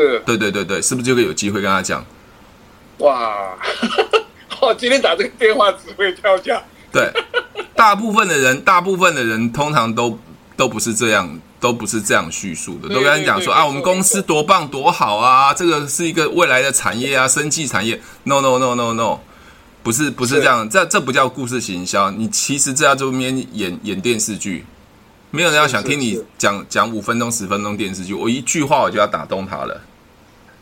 是對對對對，是不是就有機會跟他講？哇，呵呵，我今天打這個電話只會跳價。對，大部分的人，大部分的人通常都都不是這樣，都不是這樣敘述的。對對對對都跟你講說對對對啊對對對，我們公司多棒多好啊對對對，這個是一個未來的產業啊，生技產業。No no no no no，, no. 不是不是這樣，這這不叫故事行銷。你其實在這邊演演電視劇。沒有人要想聽你講講五分鐘、十分鐘電視劇，我一句話我就要打動他了。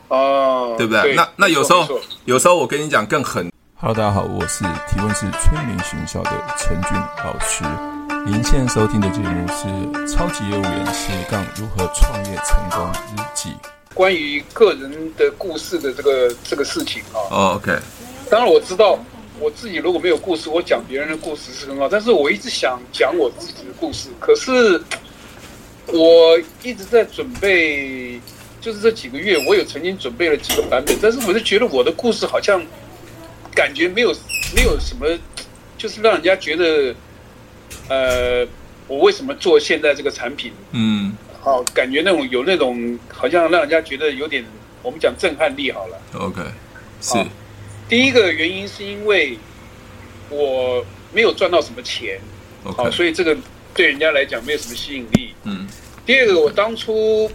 哦，對不對？對，那那有時候，有時候我跟你講更狠。哈嘍，大家好，我是提問是催眠學校的陳俊老師。您現在收聽的節目是《超級業務員斜槓如何創業成功日記》。關於個人的故事的這個這個事情啊。哦，OK。當然我知道。我自己如果沒有故事，我講別人的故事是很好。但是我一直想講我自己的故事，可是我一直在準備，就是這幾個月，我有曾經準備了幾個版本，但是我就覺得我的故事好像感覺沒有沒有什麼，就是讓人家覺得，呃，我為什麼做現在這個產品？嗯，好，哦，感覺那種有那種好像讓人家覺得有點，我們講震撼力好了。OK，是。哦第一個原因是因為我沒有賺到什麼錢，好、okay. 啊，所以這個對人家來講沒有什麼吸引力。嗯，第二個，我當初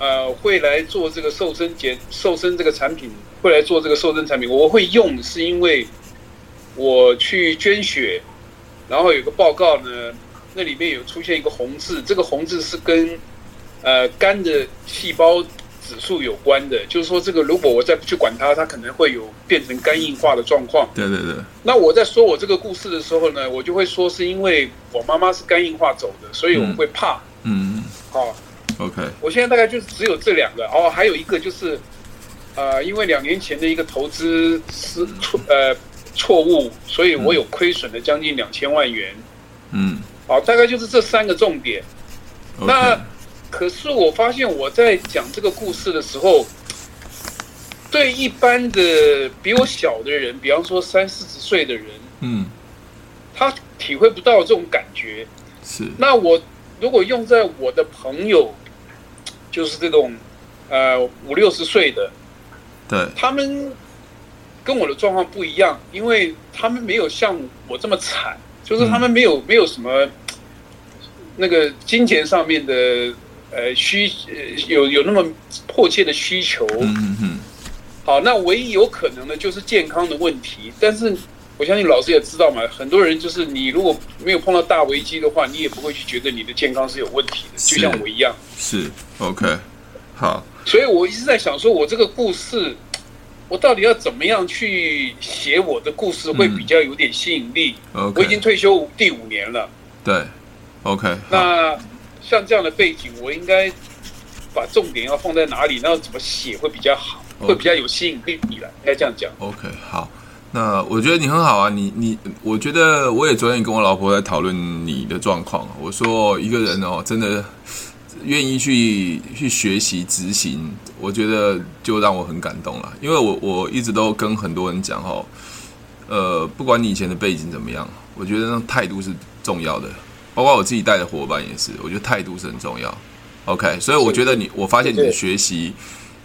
呃會來做這個瘦身減瘦身這個產品，會來做這個瘦身產品，我會用的是因為我去捐血，然後有個報告呢，那裡面有出現一個紅字，這個紅字是跟呃肝的細胞。指數有關的，就是說這個，如果我再不去管它，它可能會有變成肝硬化的狀況。對對對。那我在說我這個故事的時候呢，我就會說是因為我媽媽是肝硬化走的，所以我會怕。嗯。嗯好，OK。我現在大概就是只有這兩個，哦，還有一個就是，呃，因為兩年前的一個投資是錯，呃，錯誤，所以我有虧損了將近兩千萬元。嗯。好，大概就是這三個重點。Okay. 那。可是我發現我在講這個故事的時候，對一般的比我小的人，比方說三四十歲的人，嗯，他體會不到這種感覺。是，那我如果用在我的朋友，就是這種呃五六十歲的，對，他們跟我的狀況不一樣，因為他們沒有像我這麼慘，就是他們沒有、嗯、沒有什麼那個金錢上面的。呃，需呃有有那麼迫切的需求，嗯嗯，好，那唯一有可能的，就是健康的問題。但是我相信老師也知道嘛，很多人就是你如果沒有碰到大危機的話，你也不會去覺得你的健康是有問題的，就像我一樣。是，OK，好。所以我一直在想，說我這個故事，我到底要怎麼樣去寫我的故事，嗯，會比較有點吸引力。OK，我已經退休第五年了。對，OK，那。像這樣的背景，我應該把重點要放在哪裡？然後怎麼寫會比較好？Oh. 會比較有吸引力了？應該這樣講。OK，好。那我覺得你很好啊，你你，我覺得我也昨天跟我老婆在討論你的狀況。我說一個人哦、喔，真的願意去去學習執行，我覺得就讓我很感動了。因為我我一直都跟很多人講哦、喔，呃，不管你以前的背景怎麼樣，我覺得那態度是重要的。包括我自己帶的夥伴也是，我覺得態度是很重要。OK，所以我覺得你，是是是我發現你的學習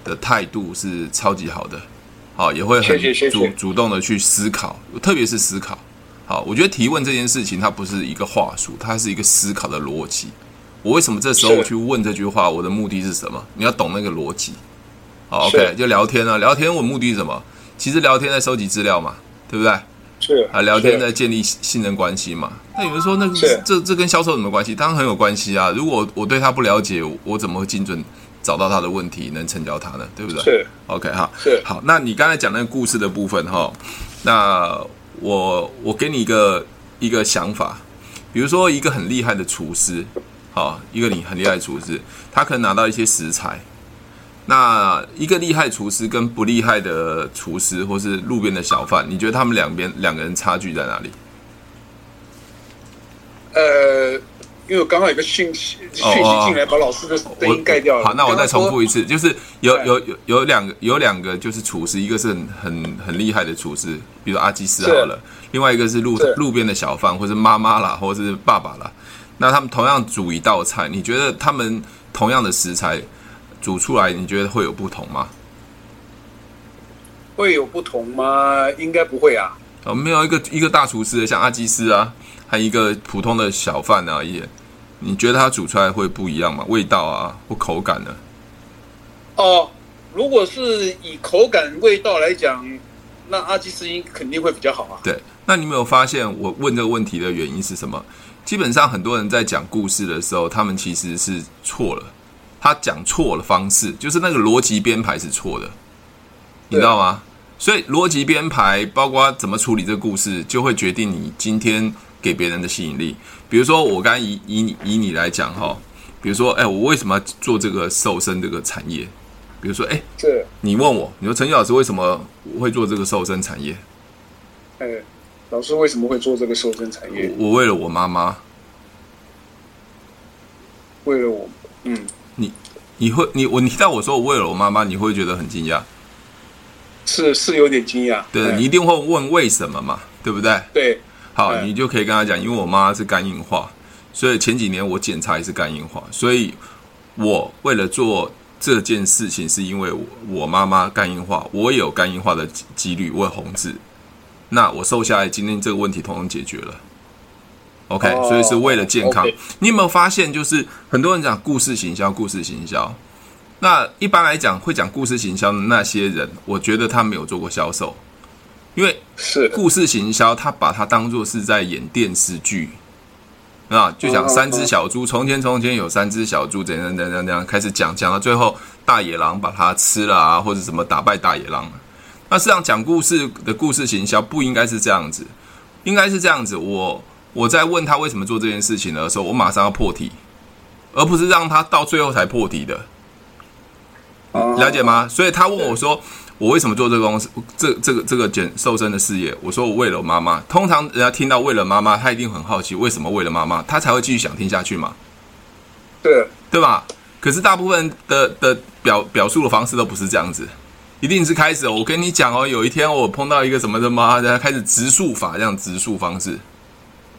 的態度是超級好的，是是是是好也會很主是是是是主動的去思考，特別是思考。好，我覺得提問這件事情它不是一個話術，它是一個思考的邏輯。我為什麼這時候我去問這句話？是是我的目的是什麼？你要懂那個邏輯。好是是，OK，就聊天了。聊天我目的是什麼？其實聊天在收集資料嘛，對不對？啊，聊天在建立信任關係嘛。那有人說、那個，那這這跟銷售有什麼關係？當然很有關係啊。如果我對他不了解我，我怎麼會精準找到他的問題，能成交他呢？對不對？是 OK 哈。是好，那你剛才講那個故事的部分哈、哦，那我我給你一個一個想法，比如說一個很厲害的廚師，好、哦，一個你很厲害的廚師，他可能拿到一些食材。那一個厲害廚師跟不厲害的廚師，或是路邊的小販，你覺得他們兩邊兩個人差距在哪裡？呃，因為我剛好有個訊息，哦哦訊息進來把老師的聲音蓋掉了。好，那我再重複一次，剛剛就是有有有有兩個有兩個就是廚師，一個是很很，很厲害的廚師，比如阿基師好了，另外一個是路是路邊的小販，或是媽媽啦，或是爸爸啦。那他們同樣煮一道菜，你覺得他們同樣的食材？煮出來你覺得會有不同嗎？會有不同嗎？應該不會啊。哦、呃，沒有一個一個大廚師像阿基斯啊，還有一個普通的小販啊，也你覺得他煮出來會不一樣嗎？味道啊，或口感呢？哦、呃，如果是以口感味道來講，那阿基斯應肯定會比較好啊。對，那你沒有發現我問這個問題的原因是什麼？基本上很多人在講故事的時候，他們其實是錯了。他講錯的方式，就是那個邏輯編排是錯的，啊，你知道嗎？所以邏輯編排，包括怎麼處理這個故事，就會決定你今天給別人的吸引力。比如說，我剛才以以你以你來講哈，比如說，哎、欸，我為什麼要做這個瘦身這個產業？比如說，哎、欸，這你問我，你說陳宇老師為什麼會做這個瘦身產業？哎、欸，老師為什麼會做這個瘦身產業？我，我為了我媽媽，為了我，嗯。你會你我你聽到我說我為了我媽媽你會覺得很驚訝，是是有點驚訝，對、嗯，你一定會問為什麼嘛，對不對？對，好，嗯、你就可以跟他講，因為我媽媽是肝硬化，所以前幾年我檢查也是肝硬化，所以我為了做這件事情是因為我，我媽媽肝硬化，我有肝硬化的幾率，問紅字，那我瘦下來，今天這個問題統統解決了。OK，所以是為了健康。Oh, okay. 你有沒有發現，就是很多人講故事行銷，故事行銷。那一般來講，會講故事行銷的那些人，我覺得他沒有做過銷售，因為是故事行銷，他把它當做是在演電視劇，啊，就講三只小豬，oh, okay. 從前從前有三只小豬，怎樣，怎樣怎樣怎樣，開始講，講到最後大野狼把它吃了啊，或者怎麼打敗大野狼。那實際上講故事的故事行銷不應該是這樣子，應該是這樣子，我。我在問他為什麼做這件事情的時候，我馬上要破題，而不是讓他到最後才破題的，了解嗎？所以他問我說：“我為什麼做這個公司？這、這個、這個減、這個、瘦身的事業？”我說：“我為了媽媽。”通常人家聽到“為了媽媽”，他一定很好奇為什麼為了媽媽，他才會繼續想聽下去嘛？對對吧？可是大部分的的表表述的方式都不是這樣子，一定是開始。我跟你講哦，有一天我碰到一個什麼的媽媽，他開始直述法這樣直述方式。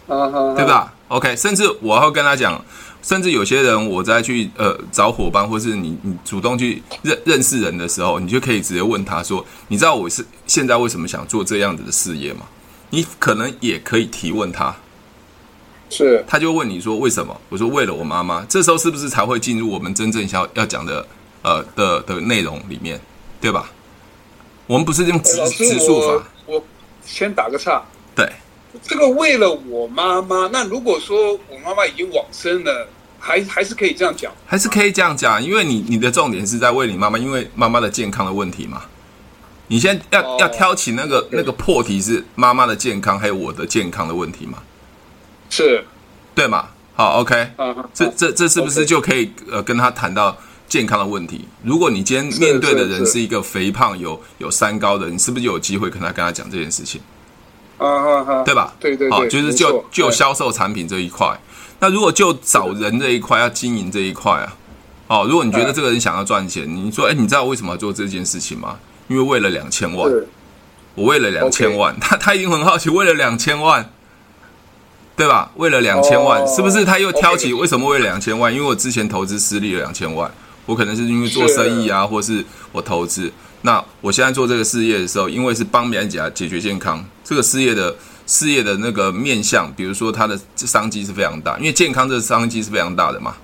Uh -huh. 對吧？OK，甚至我會跟他講，甚至有些人，我在去呃找夥伴，或是你你主動去認認識人的時候，你就可以直接問他說：“你知道我是現在為什麼想做這樣子的事業嗎？”你可能也可以提問他，是他就問你說：“為什麼？”我說：“為了我媽媽。”這時候是不是才會進入我們真正要要講的呃的的內容裡面，對吧？我們不是用直直述法，我先打個岔，對。這個為了我媽媽，那如果說我媽媽已經往生了，還是還是可以這樣講，還是可以這樣講，因為你你的重點是在為你媽媽，因為媽媽的健康的問題嘛。你先要、哦、要挑起那個那個破題是媽媽的健康，還有我的健康的問題嘛？是，對嘛？好、oh，OK，、啊、這這這是不是就可以、啊、呃跟他談到健康的問題？如果你今天面對的人是一個肥胖有有三高的人，你是不是就有機會跟他跟他講這件事情？啊啊啊，對吧？對對對，對，就是就就銷售產品這一塊。那如果就找人這一塊要經營這一塊啊，哦，如果你覺得這個人想要賺錢，uh, 你說哎、欸，你知道我為什麼要做這件事情嗎？因為為了兩千萬，我為了兩千萬，okay, 他他已經很好奇，為了兩千萬，對吧？為了兩千萬，oh, 是不是他又挑起為什麼為了兩千萬？Okay, 因為我之前投資失利了兩千萬。我可能是因為做生意啊，是或是我投資。那我現在做這個事業的時候，因為是幫別人解解決健康這個事業的事業的那個面向，比如說他的商機是非常大，因為健康這個商機是非常大的嘛，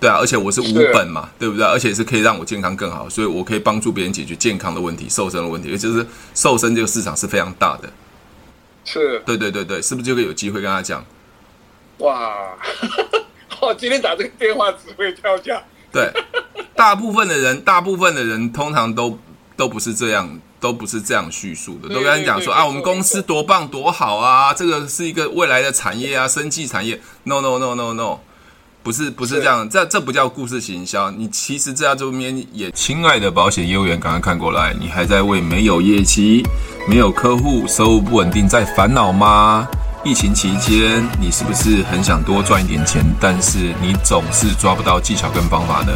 對啊，而且我是無本嘛，對不對？而且是可以讓我健康更好，所以我可以幫助別人解決健康的問題、瘦身的問題，尤其是瘦身這個市場是非常大的。是，對對對對，是不是就可以有機會跟他講？哇，呵呵，今天打這個電話只會跳價。對。大部分的人，大部分的人通常都都不是這樣，都不是這樣敘述的。都跟他講說啊，我們公司多棒多好啊，這個是一個未來的產業啊，生技產業。No no no no no，不是不是這樣，這這不叫故事行銷。你其實在這邊也，親愛的保險業務員，趕快看過來，你還在為沒有業績、沒有客戶、收入不穩定在煩惱嗎？疫情期間，你是不是很想多賺一點錢，但是你總是抓不到技巧跟方法呢？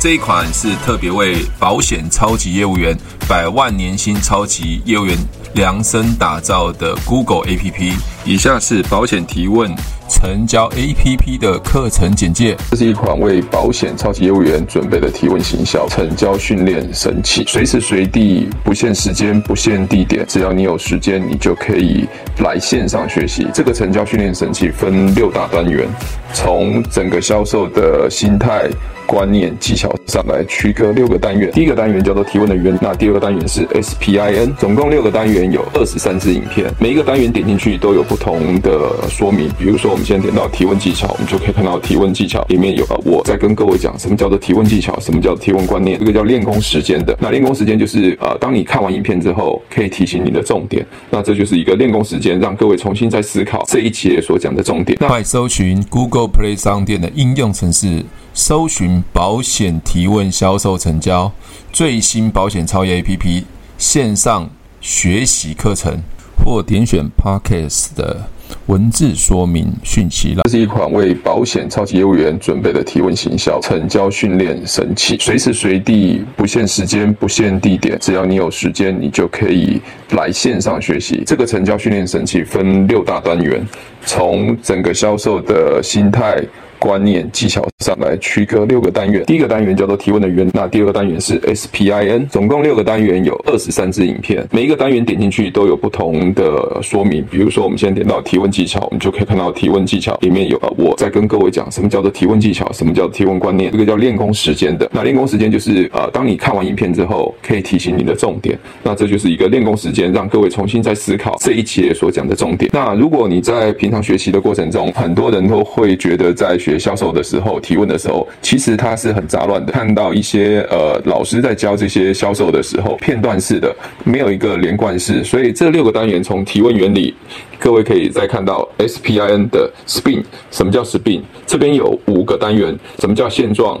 這一款是特別為保險超級業務員、百萬年薪超級業務員量身打造的 Google APP。以下是保險提問成交 APP 的課程簡介。這是一款為保險超級業務員準備的提問行銷成交訓練神器，隨時隨地，不限時間，不限地點，只要你有時間，你就可以。來線上學習，這個成交訓練神器分六大單元，從整個銷售的心態、觀念、技巧上來區隔六個單元。第一個單元叫做提問的原理，那第二個單元是 SPIN，總共六個單元有二十三支影片。每一個單元點進去都有不同的說明，比如說我們先點到提問技巧，我們就可以看到提問技巧裡面有我在跟各位講什麼叫做提問技巧，什麼叫做提問觀念，這個叫練功時間的。那練功時間就是呃，當你看完影片之後，可以提醒你的重點，那這就是一個練功時間。讓各位重新再思考這一期所講的重點。快搜尋 Google Play 商店的應用程式，搜尋保險提問、銷售成交、最新保險超業 APP 線上學習課程，或點選 Podcast 的。文字說明訊息了。這是一款為保險超級業務員準備的提問行銷成交訓練神器，隨時隨地，不限時間，不限地點，只要你有時間，你就可以來線上學習。這個成交訓練神器分六大單元。從整個銷售的心態、觀念、技巧上來區隔六個單元。第一個單元叫做提問的源，那第二個單元是 SPIN。總共六個單元有二十三支影片，每一個單元點進去都有不同的說明。比如說，我們先點到提問技巧，我們就可以看到提問技巧裡面有啊，我在跟各位講什麼叫做提問技巧，什麼叫提問觀念，這個叫練功時間的。那練功時間就是啊、呃，當你看完影片之後，可以提醒你的重點。那這就是一個練功時間，讓各位重新再思考這一節所講的重點。那如果你在平常學習的過程中，很多人都會覺得在學銷售的時候提問的時候，其實它是很雜亂的。看到一些呃老師在教這些銷售的時候，片段式的，沒有一個連貫式。所以這六個單元從提問原理，各位可以再看到 SPIN 的 SPIN，什麼叫 SPIN？這邊有五個單元，什麼叫現狀？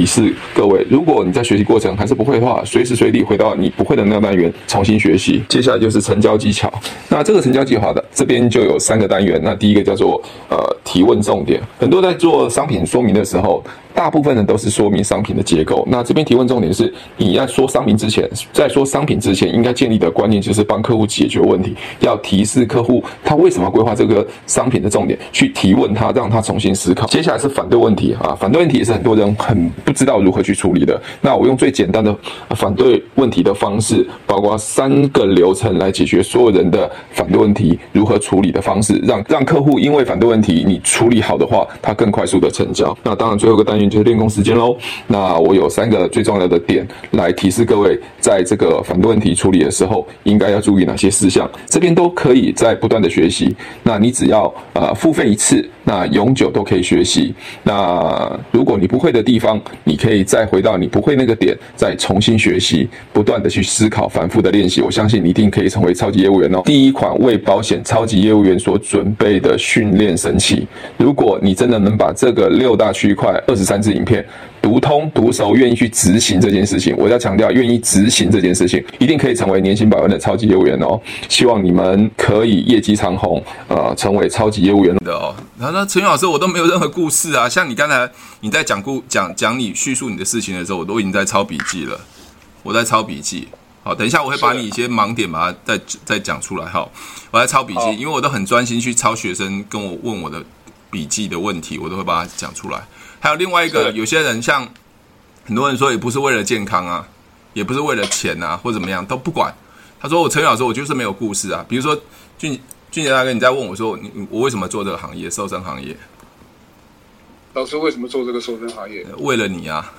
提示各位，如果你在學習過程還是不會的話，隨時隨地回到你不會的那個單元重新學習。接下來就是成交技巧，那這個成交計劃的這邊就有三個單元。那第一個叫做呃提問重點，很多在做商品說明的時候。大部分人都是說明商品的結構。那這邊提問重點是，你要說商品之前，在說商品之前，應該建立的觀念就是幫客戶解決問題，要提示客戶他為什麼要規劃這個商品的重點，去提問他，讓他重新思考。接下來是反對問題啊，反對問題也是很多人很不知道如何去處理的。那我用最簡單的反對問題的方式，包括三個流程來解決所有人的反對問題如何處理的方式，讓讓客戶因為反對問題你處理好的話，他更快速的成交。那當然最後一個單。就是練功時間嘍。那我有三個最重要的點來提示各位，在這個反對問題處理的時候，應該要注意哪些事項。這邊都可以再不斷的學習。那你只要啊、呃、付費一次，那永久都可以學習。那如果你不會的地方，你可以再回到你不會那個點，再重新學習，不斷的去思考、反覆的練習。我相信你一定可以成為超級業務員哦。第一款為保險超級業務員所準備的訓練神器。如果你真的能把這個六大區塊二十。三支影片讀通讀熟，願意去執行這件事情。我要強調，願意執行這件事情，一定可以成為年薪百萬的超級業務員哦。希望你們可以業績長紅，呃，成為超級業務員、嗯、的哦。然後呢，陳老師，我都沒有任何故事啊。像你剛才你在講故講講你敘述你的事情的時候，我都已經在抄筆記了。我在抄筆記。好、哦，等一下我會把你一些盲點把它再、啊、再講出來哈、哦。我在抄筆記、哦，因為我都很專心去抄學生跟我問我的筆記的問題，我都會把它講出來。還有另外一個，有些人像很多人說，也不是為了健康啊，也不是為了錢啊，或怎麼樣都不管。他說：“我陳老師，我就是沒有故事啊。”比如說，俊俊杰大哥，你在問我說你：“我為什麼做這個行業，瘦身行業？”老師為什麼做這個瘦身行業？為了你啊！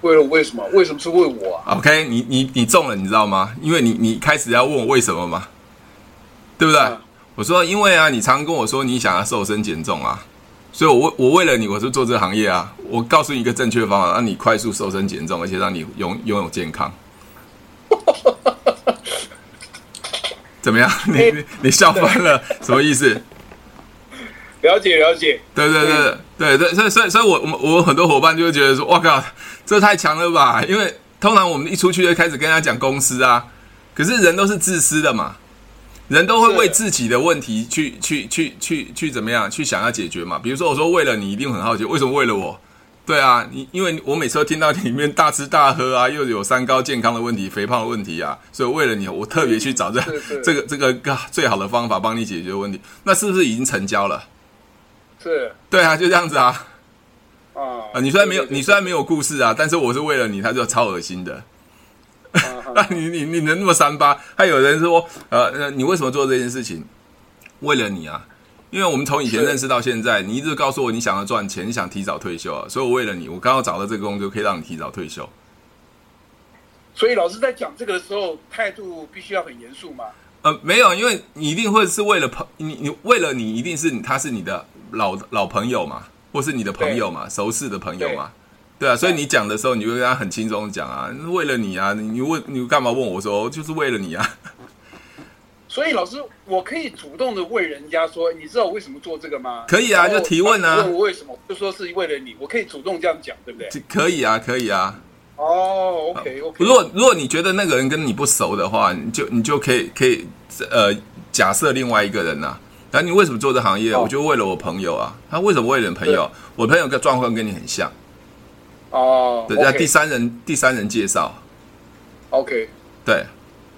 為了為什麼？為什麼是為我啊？OK，啊你你你中了，你知道嗎？因為你你開始要問我為什麼嘛，對不對？我說因為啊，你常跟我說你想要瘦身減重啊。所以我，我為我為了你，我是做這個行業啊。我告訴你一個正確的方法，讓你快速瘦身減重，而且讓你擁擁有健康。 怎麼樣？你你笑翻了？ 什麼意思？了解了解。對對對、嗯、對，對對，所以所以所以我我我很多伙伴就會覺得說，哇靠，這太強了吧？因為通常我們一出去就開始跟人家講公司啊，可是人都是自私的嘛。人都會為自己的問題去去去去去怎麼樣去想要解決嘛？比如說我說為了你，一定很好奇為什麼為了我？對啊，你因為我每次都聽到你裡面大吃大喝啊，又有三高健康的問題、肥胖的問題啊，所以為了你，我特別去找這這個這個最好的方法幫你解決問題。那是不是已經成交了？是，對啊，就這樣子啊，啊啊！你雖然沒有你雖然沒有故事啊，但是我是為了你，他就超噁心的。那 你你你能那麼三八？還有人說，呃，你為什麼做這件事情？為了你啊，因為我們從以前認識到現在，你一直告訴我你想要賺錢，你想提早退休啊，所以我為了你，我剛好找到這個工作可以讓你提早退休。所以老師在講這個的時候，態度必須要很嚴肅嗎？呃，沒有，因為你一定會是為了朋，你你為了你一定是他是你的老老朋友嘛，或是你的朋友嘛，熟識的朋友嘛。對啊，所以你講的時候，你會跟他很輕鬆的講啊，為了你啊，你問你幹嘛問我說，就是為了你啊。所以老師，我可以主動的問人家說，你知道我為什麼做這個嗎？可以啊，就提問啊。問我為什麼？就說是為了你。我可以主動這樣講，對不對？可以啊，可以啊。哦、oh,，OK OK。如果如果你覺得那個人跟你不熟的話，你就你就可以可以呃假設另外一個人吶、啊。然後你為什麼做這行業？Oh. 我就為了我朋友啊。他、啊、為什麼為了朋友？我朋友的狀況跟你很像。哦，對，要第三人第三人介紹，OK，對，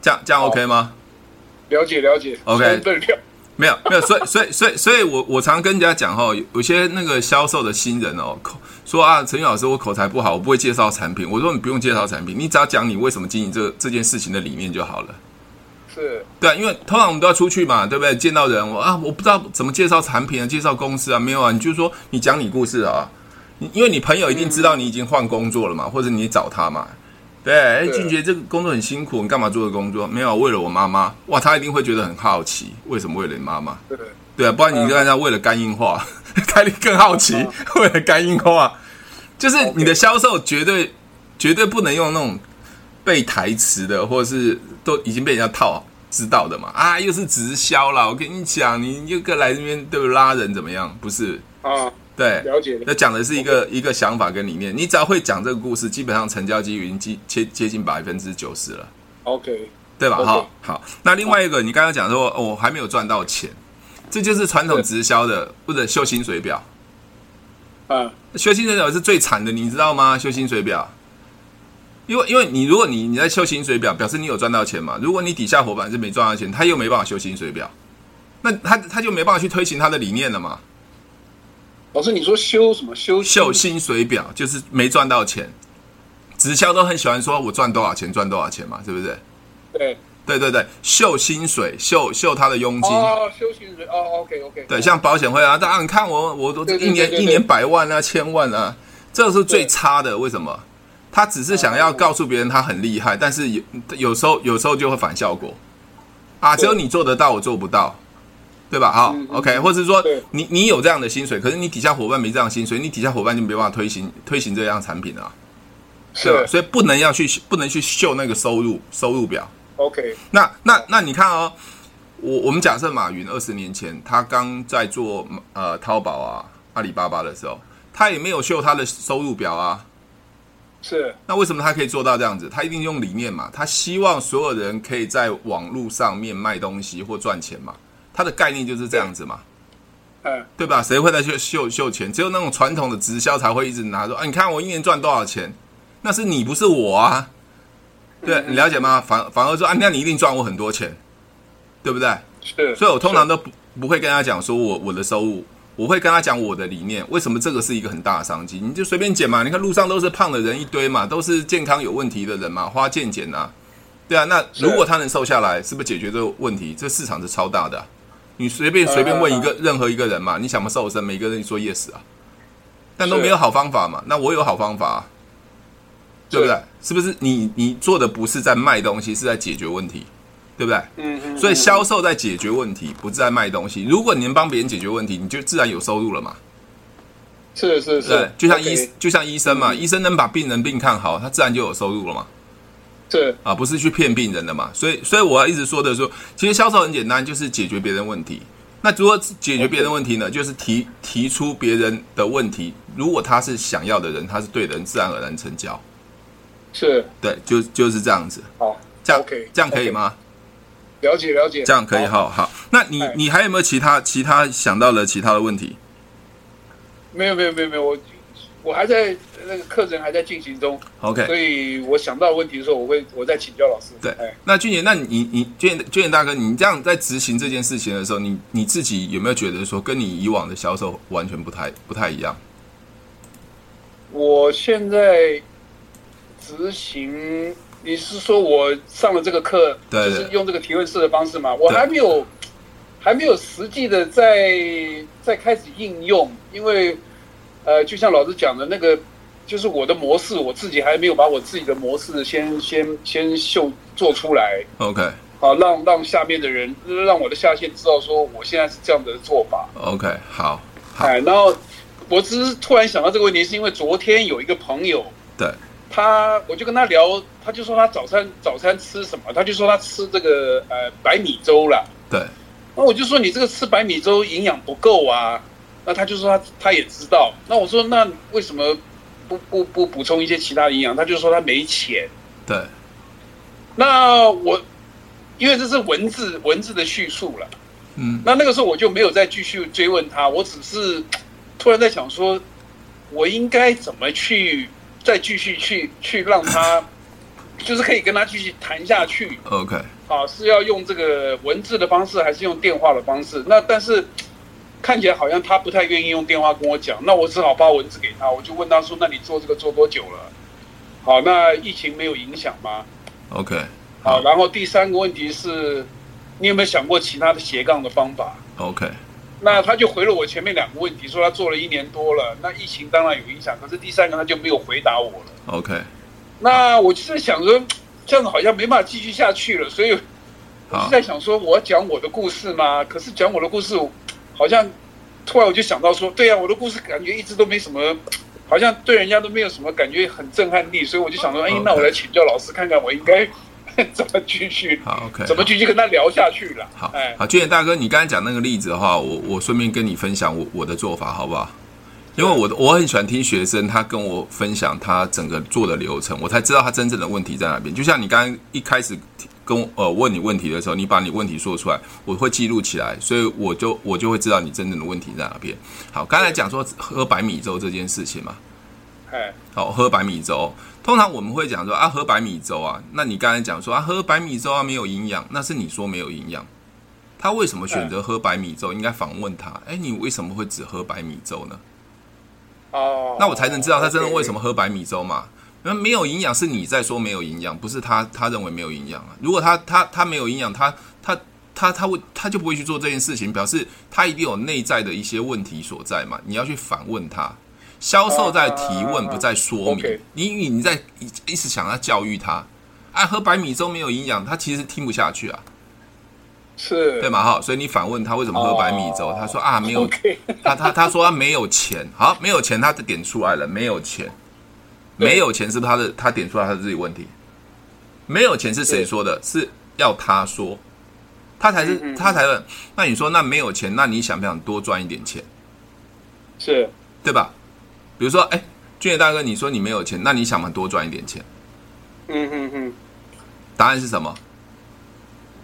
這樣這樣 OK 嗎？Oh, 了解了解，OK，對沒有沒有，所以所以所以所以，所以所以我我常跟人家講吼，有些那個銷售的新人哦，口說啊，陳宇老師，我口才不好，我不會介紹產品。我說你不用介紹產品，你只要講你為什麼經營這這件事情的理念就好了。是對啊，因為通常我們都要出去嘛，對不對？見到人，我啊，我不知道怎麼介紹產品啊，介紹公司啊，沒有啊，你就說你講你故事啊。因為你朋友一定知道你已經換工作了嘛，嗯、或者你找他嘛，對？對誒、俊杰，這個工作很辛苦，你幹嘛做的工作？沒有，為了我媽媽。哇，他一定會覺得很好奇，為什麼為了你媽媽對？對啊，不然你就人家為了肝硬化，他、呃、你更好奇，啊、為了肝硬化，就是你的銷售絕對、啊、絕對不能用那種背台詞的，或者是都已經被人家套知道的嘛。啊，又是直銷了，我跟你講，你又跟來這邊，對不對，拉人怎麼樣？不是啊。對，了解了。那講的是一個、okay. 一個想法跟理念，你只要會講這個故事，基本上成交幾率已經接接近百分之九十了。OK，對吧？哈、okay.，好。那另外一個，你剛剛講說，我、oh. 哦、還沒有賺到錢，這就是傳統直銷的、yeah. 或者秀薪水表。啊，秀薪水表是最慘的，你知道嗎？秀薪水表，因為因為你如果你你在秀薪水表，表示你有賺到錢嘛。如果你底下夥伴是沒賺到錢，他又沒辦法秀薪水表，那他他就沒辦法去推行他的理念了嘛。老師，你說修什麼修？秀薪水表，薪水表就是沒賺到錢，直銷都很喜歡說“我賺多少錢，賺多少錢”嘛，是不是？對對對對，秀薪水，秀秀他的佣金。哦，修薪水哦，OK OK, okay，對，像保險會啊，大家，啊，啊，你看我，我都一年對對對對，一年百萬啊，千萬啊，這是最差的。為什麼？他只是想要告訴別人他很厲害，但是有有時候有時候就會反效果啊，只有你做得到，我做不到。對吧？好，嗯嗯，OK，或者是說你，你你有這樣的薪水，可是你底下夥伴沒這樣薪水，你底下夥伴就沒辦法推行推行這樣產品了啊，是，是啊，所以不能要去不能去秀那個收入收入表。OK，那那那你看哦，我我們假設馬雲二十年前他剛在做呃淘寶啊阿里巴巴的時候，他也沒有秀他的收入表啊，是。那為什麼他可以做到這樣子？他一定用理念嘛，他希望所有人可以在網絡上面賣東西或賺錢嘛。他的概念就是這樣子嘛，嗯、欸欸，對吧？誰會再去秀秀，秀錢？只有那種傳統的直銷才會一直拿說啊，你看我一年賺多少錢？那是你不是我啊，對啊，你了解嗎？反反而說啊，那你一定賺我很多錢，對不對？是，是，所以我通常都不不會跟他講說我我的收入，我會跟他講我的理念，為什麼這個是一個很大的商機？你就隨便撿嘛，你看路上都是胖的人一堆嘛，都是健康有問題的人嘛，花健檢啊，對啊，那如果他能瘦下來，是，是不是解決這個問題？這市場是超大的，啊。你隨便隨便問一個任何一個人嘛，你想不瘦身，每個人你說 yes 啊，但都沒有好方法嘛，那我有好方法啊，啊，對不對？是不是你？你你做的不是在賣東西，是在解決問題，對不對？嗯嗯嗯。所以銷售在解決問題，不是在賣東西。如果你能幫別人解決問題，你就自然有收入了嘛。是是是，嗯、就像醫 okay, 就像醫生嘛嗯嗯，醫生能把病人病看好，他自然就有收入了嘛。對啊，不是去騙病人的嘛，所以所以我要一直說的說，其實銷售很簡單，就是解決別人問題。那如果解決別人問題呢，okay. 就是提提出別人的問題，如果他是想要的人，他是對的人，自然而然成交。是，對，就就是這樣子。好，這樣可以，okay, 這樣可以嗎？Okay. 了解了解，這樣可以。好、oh. 好，那你、Hi. 你還有沒有其他其他想到的其他的問題？沒有沒有沒有沒有我。我還在那個課程還在進行中，OK，所以我想到的問題的時候，我會我再請教老師。對，哎，那俊傑，那你你，你俊俊傑大哥，你這樣在執行這件事情的時候，你你自己有沒有覺得說，跟你以往的銷售完全不太不太一樣？我現在執行，你是說我上了這個課，對對對，就是用這個提問式的方式嗎？我還沒有還沒有實際的在在開始應用，因為。呃，就像老師講的那個，就是我的模式，我自己還沒有把我自己的模式先先先秀做出來。OK，好、啊，讓讓下面的人，讓我的下線知道說我現在是這樣的做法。OK，好，嗨、哎、然後我只是突然想到這個問題，是因為昨天有一個朋友，對他，我就跟他聊，他就說他早餐早餐吃什麼，他就說他吃這個呃白米粥了。對，那我就說你這個吃白米粥營養不夠啊。那他就說他他也知道，那我說，那為什麼不不不補充一些其他營養？他就說他沒錢。對。那我因為這是文字文字的敘述了。嗯。那那個時候我就沒有再繼續追問他，我只是突然在想說，我應該怎麼去再繼續去去讓他， 就是可以跟他繼續談下去。OK。好，啊，是要用這個文字的方式，還是用電話的方式？那但是。看起來好像他不太願意用電話跟我講，那我只好發文字給他。我就問他說：“那你做這個做多久了？”好，那疫情沒有影響嗎？OK。好，然後第三個問題是，你有沒有想過其他的斜槓的方法？OK。那他就回了我前面兩個問題，說他做了一年多了。那疫情當然有影響，可是第三個他就沒有回答我了。OK。那我就在想說，這樣子好像沒辦法繼續下去了，所以我就在想說，我要講我的故事嘛。Okay. 可是講我的故事。好像突然我就想到說，對呀、啊，我的故事感覺一直都沒什麼，好像對人家都沒有什麼感覺，很震撼力，所以我就想說，哎，okay. 那我來請教老師看看，我應該怎麼繼續？好，OK，怎麼繼續跟他聊下去了、okay. 哎，好，好，俊大哥，你剛才講那個例子的話，我我順便跟你分享我我的做法好不好？因為我我很喜歡聽學生他跟我分享他整個做的流程，我才知道他真正的問題在哪邊。就像你剛剛一開始。跟我呃，問你問題的時候，你把你問題說出來，我會記錄起來，所以我就我就會知道你真正的問題在哪邊。好，剛才講說喝白米粥這件事情嘛，好，哦，喝白米粥，通常我們會講說啊喝白米粥啊，那你剛才講說啊喝白米粥啊沒有營養，那是你說沒有營養，他為什麼選擇喝白米粥？應該訪問他，哎，你為什麼會只喝白米粥呢？哦，喔，那我才能知道他真的為什麼喝白米粥嘛。那沒有營養是你在說沒有營養，不是他他認為沒有營養啊。如果他他他沒有營養，他他他他會，他就不會去做這件事情，表示他一定有內在的一些問題所在嘛。你要去反問他，銷售在提問不在說明，啊、你你在一直想要教育他，教育他啊，喝白米粥沒有營養，他其實聽不下去啊，是對嘛？哈，所以你反問他為什麼喝白米粥，他說啊沒有，啊 okay、他他他說他沒有錢，好，沒有錢他的點出來了，沒有錢。沒有錢是，是他的？他點出來他自己問題。沒有錢是誰說的？是要他說，他才是他才問。那你說，那沒有錢，那你想不想多賺一點錢？是，對吧？比如說，哎，俊傑大哥，你說你沒有錢，那你想不想多賺一點錢？嗯嗯嗯，答案是什麼？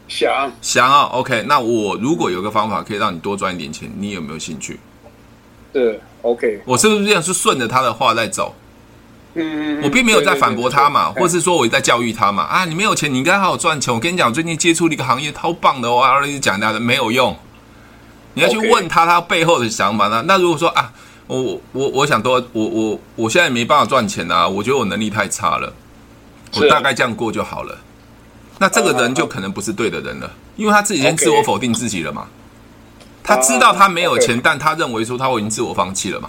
想，想啊。OK，那我如果有個方法可以讓你多賺一點錢，你有沒有興趣？是 OK。我是不是這樣？是順着他的話在走？嗯，我並沒有在反駁他嘛，對對對對，或是說我在教育他嘛、欸、啊，你沒有錢，你應該好好賺錢。我跟你講，最近接觸了一個行業，超棒的哦。啊，然後一直講的沒有用，你要去問他、okay. 他背後的想法呢？那如果說啊，我我我想多，我我我現在也沒辦法賺錢啊，我覺得我能力太差了，我大概這樣過就好了。那這個人就可能不是對的人了，uh, 因為他自己先自我否定自己了嘛。Okay. 他知道他沒有錢，uh, okay. 但他認為說他已經自我放棄了嘛。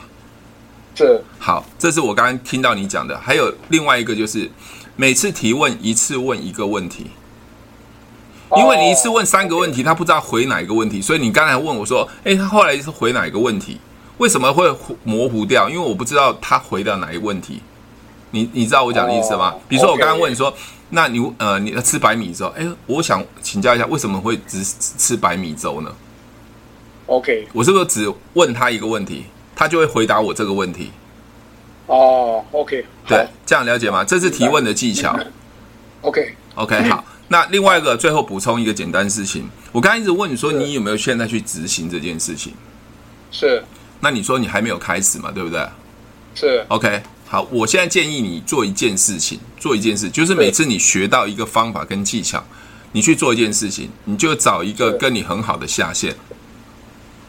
這好，這是我剛剛聽到你講的。還有另外一個就是，每次提問一次問一個問題，因為你一次問三個問題，oh, okay. 他不知道回哪一個問題，所以你剛才問我說：“哎、欸，他後來一次回哪一個問題？為什麼會模糊掉？因為我不知道他回到哪一個問題。你”你你知道我講的意思嗎？Oh, okay, 比如說我剛剛問你說：“ okay. 那你呃，你要吃白米粥？哎、欸，我想請教一下，為什麼會只吃白米粥呢？”OK，我是不是只問他一個問題？他就會回答我這個問題。哦，OK，對，這樣了解嗎？這是提問的技巧。OK，OK，嗯，好。那另外一個，最後補充一個簡單事情。我剛才一直問你說，你有沒有現在去執行這件事情？是。那你說你還沒有開始嘛？對不對？是。OK，好。我現在建議你做一件事情，做一件事，就是每次你學到一個方法跟技巧，你去做一件事情，你就找一個跟你很好的下線。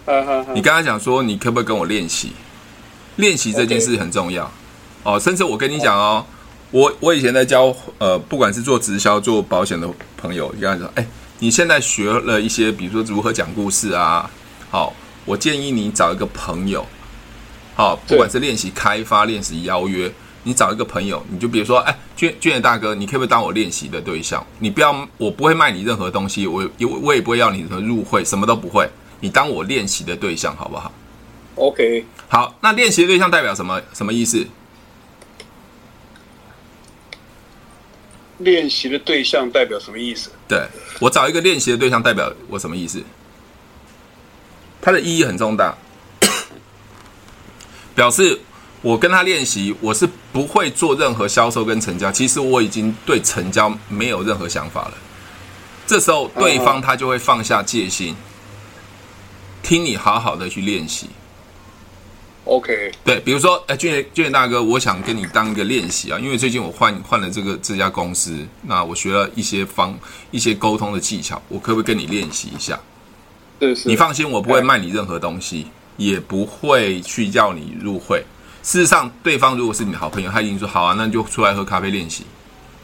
嗯你剛才講說你可不可以跟我練習？練習這件事很重要、okay. 哦。甚至我跟你講哦，我我以前在教呃，不管是做直銷做保險的朋友，你剛才說，哎，你現在學了一些，比如說如何講故事啊，好、哦，我建議你找一個朋友，好、哦，不管是練習開發練習邀約，你找一個朋友，你就比如說，哎，娟娟大哥，你可不可以當我練習的對象？你不要，我不會賣你任何東西，我我也不會要你什麼入會，什麼都不會。你當我練習的對象好不好？OK。好，那練習的對象代表什麼？什麼意思？練習的對象代表什麼意思？對，我找一個練習的對象，代表我什麼意思？他的意義很重大，表示我跟他練習，我是不會做任何銷售跟成交。其實我已經對成交沒有任何想法了。這時候對方他就會放下戒心。Uh -huh. 聽你好好的去練習，OK。對，比如說，哎，俊杰，俊杰大哥，我想跟你當一個練習啊，因為最近我換換了這個這家公司，那我學了一些方一些溝通的技巧，我可不可以跟你練習一下？你放心，我不會賣你任何東西，okay. 也不會去叫你入會。事實上，對方如果是你的好朋友，他一定說好啊，那就出來喝咖啡練習，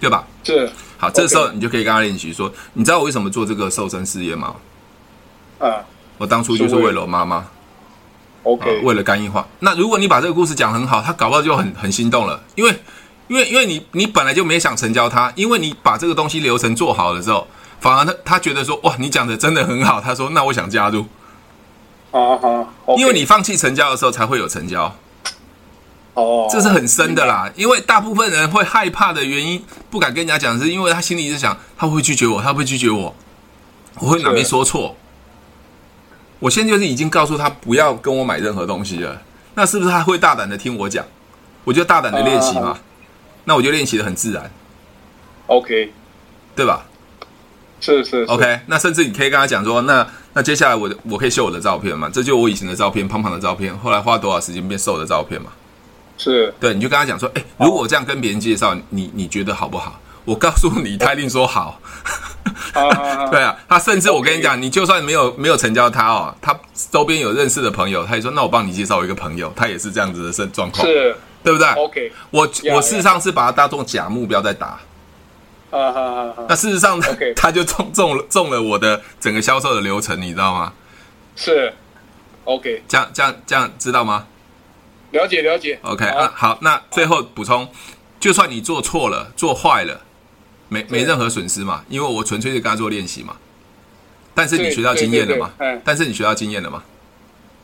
對吧？是。好，okay. 這時候你就可以跟他練習說，你知道我為什麼做這個瘦身事業嗎？啊、uh.。我當初就是為了我媽媽，OK，啊，為了肝硬化。那如果你把這個故事講很好，他搞不好就很很心動了，因為，因為，因為你你本來就沒想成交他，因為你把這個東西流程做好的時候，反而他他覺得說哇，你講的真的很好，他說那我想加入，uh -huh. okay. 因為你放棄成交的時候才會有成交，哦，uh -huh.，okay. 這是很深的啦，uh -huh. 因為大部分人會害怕的原因，不敢跟人家講是，是因為他心裡一直想他會拒絕我，他會拒絕我，我會哪邊說錯。我現在就是已經告訴他不要跟我買任何東西了，那是不是他會大膽的聽我講？我就大膽的練習嘛，uh -huh. 那我就練習的很自然，OK，對吧？是是是，OK，那甚至你可以跟他講說，那那接下來我我可以秀我的照片嘛？這就我以前的照片，胖胖的照片，後來花多少時間變瘦的照片嘛？是，對，你就跟他講說，哎，如果這樣跟別人介紹，你你覺得好不好？我告訴你，他一定說好。 對啊，他甚至我跟你講，okay. 你就算沒有沒有成交他哦，他周邊有認識的朋友，他也說那我幫你介紹一個朋友，他也是這樣子的狀狀況，是，對不對？OK，我 yeah, yeah. 我事實上是把他當眾假目標在打，啊哈，哈，那事實上他、okay. 他就中中了中了我的整個銷售的流程，你知道嗎？是，OK，這樣這樣這樣知道嗎？了解了解，OK、uh. 啊，好，那最後補充，就算你做錯了，做壞了。沒沒任何損失嘛，因為我純粹是跟他做練習嘛。但是你學到經驗了嗎？但是你學到經驗了嗎？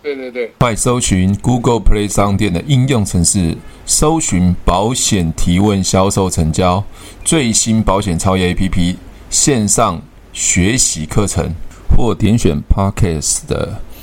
對對對。快搜尋 Google Play 商店的應用程式，搜尋保險提問、銷售成交、最新保險超業 APP 線上學習課程，或點選 Podcast 的。